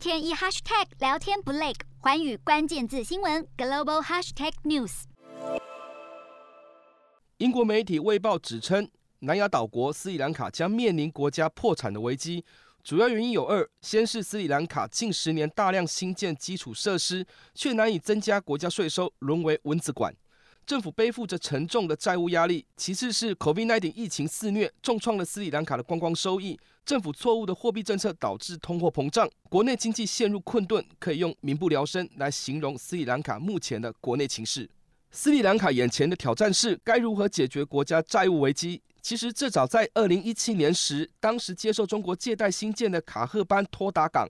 天一 hashtag 聊天不累，寰宇關鍵字新聞 global hashtag news。英國媒體《衛報》指稱，南亞島國斯里蘭卡將面臨國家破產的危機，主要原因有二：先是斯里蘭卡近十年大量新建基礎設施，卻難以增加國家稅收，淪為蚊子館。政府背負着沉重的債務壓力，其次是 COVID-19 疫情肆虐，重創了斯里蘭卡的觀光收益。政府錯誤的貨幣政策導致通貨膨脹，國內經濟陷入困頓，可以用“民不聊生”來形容斯里蘭卡目前的國內情勢。斯里蘭卡眼前的挑戰是該如何解決國家債務危機。其實，這早在2017年時，當時接受中國借貸新建的卡赫班托達港。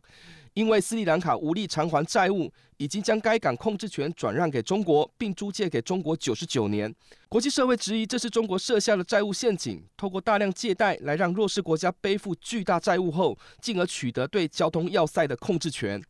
因為斯里蘭卡無力償還債務，已經將該港控制權轉讓給中國，並租借給中國九十九年。國際社會質疑這是中國設下的債務陷阱，透過大量借貸來讓弱勢國家背負巨大債務後，進而取得對交通要塞的控制權。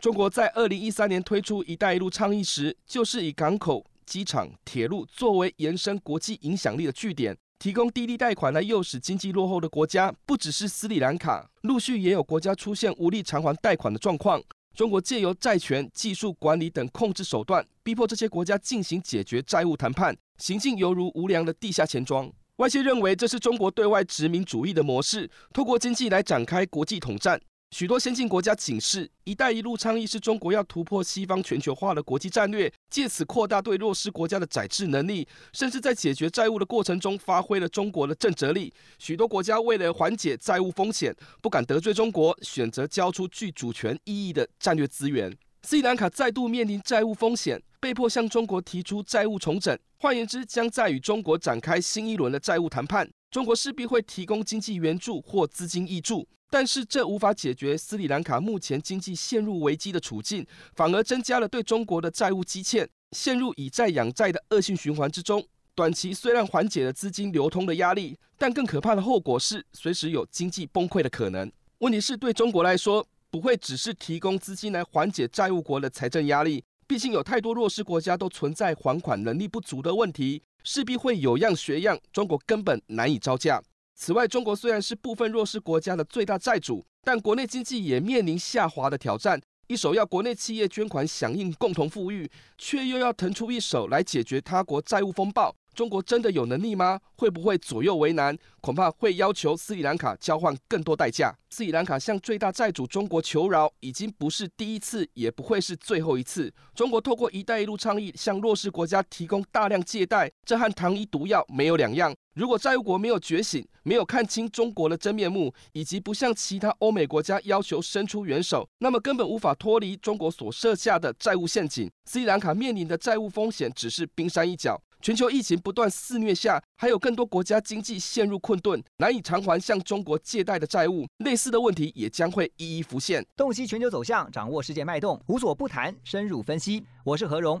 中國在二零一三年推出“一帶一路”倡議時，就是以港口、機場、鐵路作為延伸國際影響力的據點。提供低利貸款來誘使經濟落後的國家，不只是斯里蘭卡，陸續也有國家出現無力償還貸款的狀況。中國借由債權、技術管理等控制手段，逼迫這些國家進行解決債務談判，行徑猶如無良的地下錢莊。外界認為這是中國對外殖民主義的模式，透過經濟來展開國際統戰。許多先進國家警示，“一帶一路”倡議是中國要突破西方全球化的國際戰略，借此擴大對弱勢國家的宰制能力，甚至在解決債務的過程中發揮了中國的震懾力。許多國家為了緩解債務風險，不敢得罪中國，選擇交出具主權意義的戰略資源。斯里蘭卡再度面臨債務風險，被迫向中國提出債務重整。換言之，將再與中國展開新一輪的債務談判。中國勢必會提供經濟援助或資金挹注。但是這無法解決斯里蘭卡目前經濟陷入危機的處境，反而增加了對中國的債務積欠，陷入以債養債的惡性循環之中。短期雖然緩解了資金流通的壓力，但更可怕的後果是隨時有經濟崩潰的可能。問題是對中國來說，不會只是提供資金來緩解債務國的財政壓力，畢竟有太多弱勢國家都存在還款能力不足的問題，勢必會有樣學樣，中國根本難以招架。此外，中國雖然是部分弱勢國家的最大債主，但國內經濟也面臨下滑的挑戰。一手要國內企業捐款響應共同富裕，卻又要騰出一手來解決他國債務風暴。中國真的有能力嗎？會不會左右為難？恐怕會要求斯里蘭卡交換更多代價。斯里蘭卡向最大債主中國求饒，已經不是第一次，也不會是最後一次。中國透過“一帶一路”倡議向弱勢國家提供大量借貸，這和糖衣毒藥沒有兩樣。如果債務國沒有覺醒，沒有看清中國的真面目，以及不向其他歐美國家要求伸出援手，那麼根本無法脫離中國所設下的債務陷阱。斯里蘭卡面臨的債務風險只是冰山一角，全球疫情不斷肆虐下，還有更多國家經濟陷入困頓，難以償還向中國借貸的債務，類似的問題也將會一一浮現。洞悉全球走向，掌握世界脈動，無所不談，深入分析。我是何榮。